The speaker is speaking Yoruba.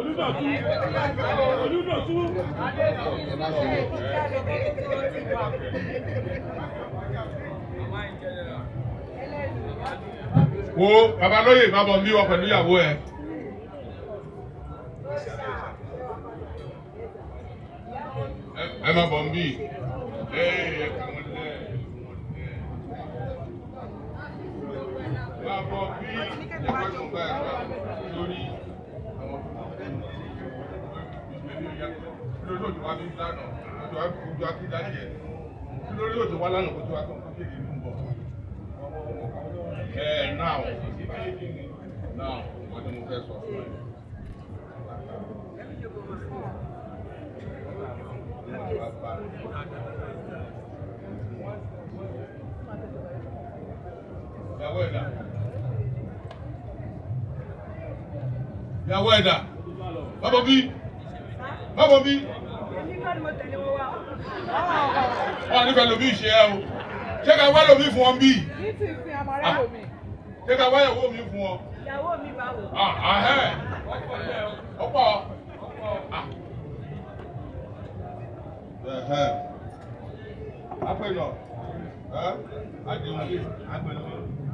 olùdọ̀tú olùdọ̀tú. wo babalóye ìbábọ̀ ń bí wọ pẹ̀lú ìyàwó ẹ. ẹ má bọ̀ ń bí ẹ kàn wọ́n lẹ́ bàbọ̀ bí ìyàwó lórí òjò wá bí lánàá òjò wá bí dájẹ lórí òjò wá lánàá kó tó wá tó kó ń bọ̀. ẹ ẹ náà náà wọ́n ní mo fẹ́ sọ fún ẹ. Ìyàwó bí. Come on, Oh, me, out ọmọ mi. wọn nífẹ̀ẹ́ lomi ìṣe ẹ o ṣé ká wá lomi fún ọ bí. ṣé ká wá ìyàwó mi fún ọ. ìyàwó mi bá wò. ọ̀pọ̀ apẹ̀yọ̀ agbẹ̀lẹ̀ agbẹ̀lẹ̀.